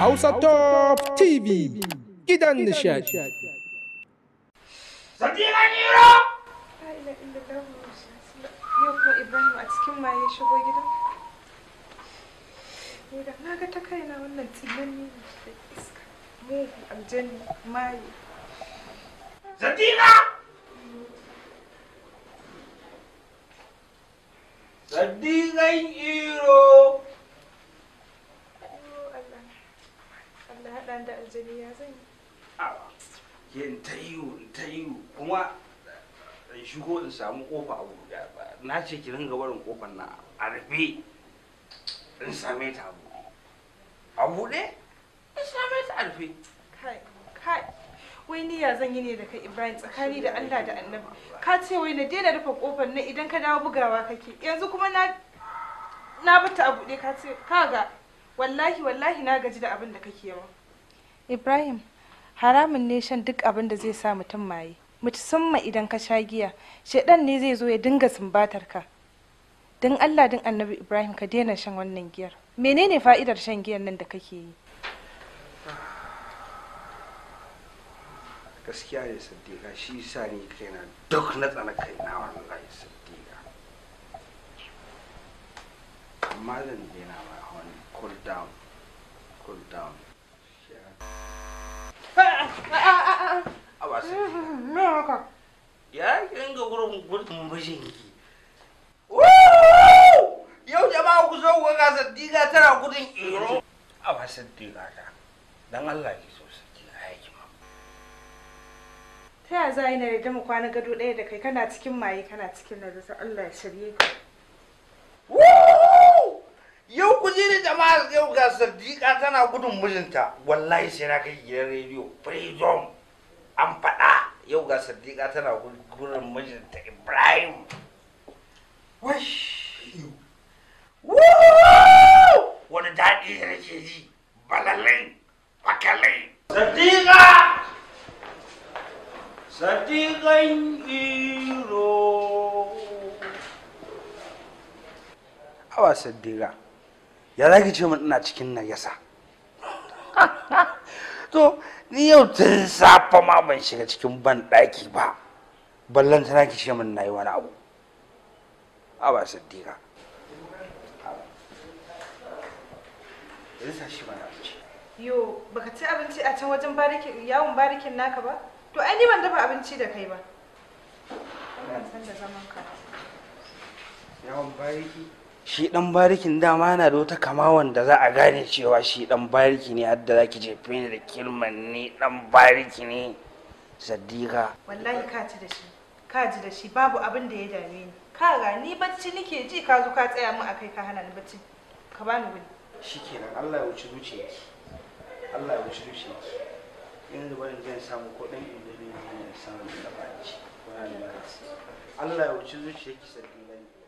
Hausa Top TV gidan nishadi. Sadira Nero! Yau kuma Ibrahim a cikin ma ya shigo gidan. Nida, na ga ta kaina wannan tsinanni da iska, mugu, aljani, maye. Sadira! Sadiran Iro! haɗa da aljani zan yi yin ta yiwu ta yiwu kuma in shigo in samu kofa a buɗe na ce ki ringa barin kofar na a rufe in same ta a buɗe a buɗe in same ta a rufe kai kai wai ni ya zan yi ne da kai Ibrahim tsakani da Allah da Annabi ka ce wai na daina rufe kofar na idan ka dawo bugawa kake yanzu kuma na na bata a buɗe ka ce kaga wallahi wallahi na gaji da abin da kake yawa ibrahim haramun ne shan duk abin da zai sa mutum maye musamma idan ka sha giya shaidan ne zai zo ya dinga sumbatar ka don allah din annabi ibrahim ka daina shan wannan giyar menene fa'idar shan giyar nan da kake yi gaskiya ne saddiqa shi sa ni kaina duk na tsana kaina wallahi saddiqa amma zan daina a wani ne haka ya kinga gurin gurin ki yau jama'a ku zo ga saddiga tara gudun iro a ba saddiga ta dan Allah ki so saddiga ya ki ma ta ya za ina da mu kwana gado ɗaya da kai kana cikin maye kana cikin nazusa Allah ya shirye ka yau ku ji ni jama'a yau ga saddiqa tana gudun mijinta wallahi sai na kai gidan rediyo freedom an faɗa yau ga sadiqa tana gurin mijinta ibrahim wani daɗi da nake ji balalai bakalai sadiqa sadiqan iro awa sadiqa ya zaki ce min ina cikin nagasa. to ni yau tun safa ma ban shiga cikin ban ɗaki ba ballan tana ki min na yi wani abu a ba siddiƙa shi mana abinci yo baka ci abinci a can wajen barikin yawon barikin naka ba to ai ni ban dafa abinci da kai ba yawon bariki shi dan barikin dama yana da wata kama wanda za a gane cewa shi dan bariki ne hadda za ki jefe ni da kilman ni dan bariki ne saddiqa wallahi ka ci da shi ka ji da shi babu abin da ya dame ni ka ga ni bacci nike ji ka zo ka tsaya min akai ka hana ni bacci ka bani wuri shikenan Allah ya wuce zuciyarki Allah ya wuce zuciyarki yanzu bari zan samu ko dan inda ne samu da baci Allah ya wuce zuciyarki saddiqa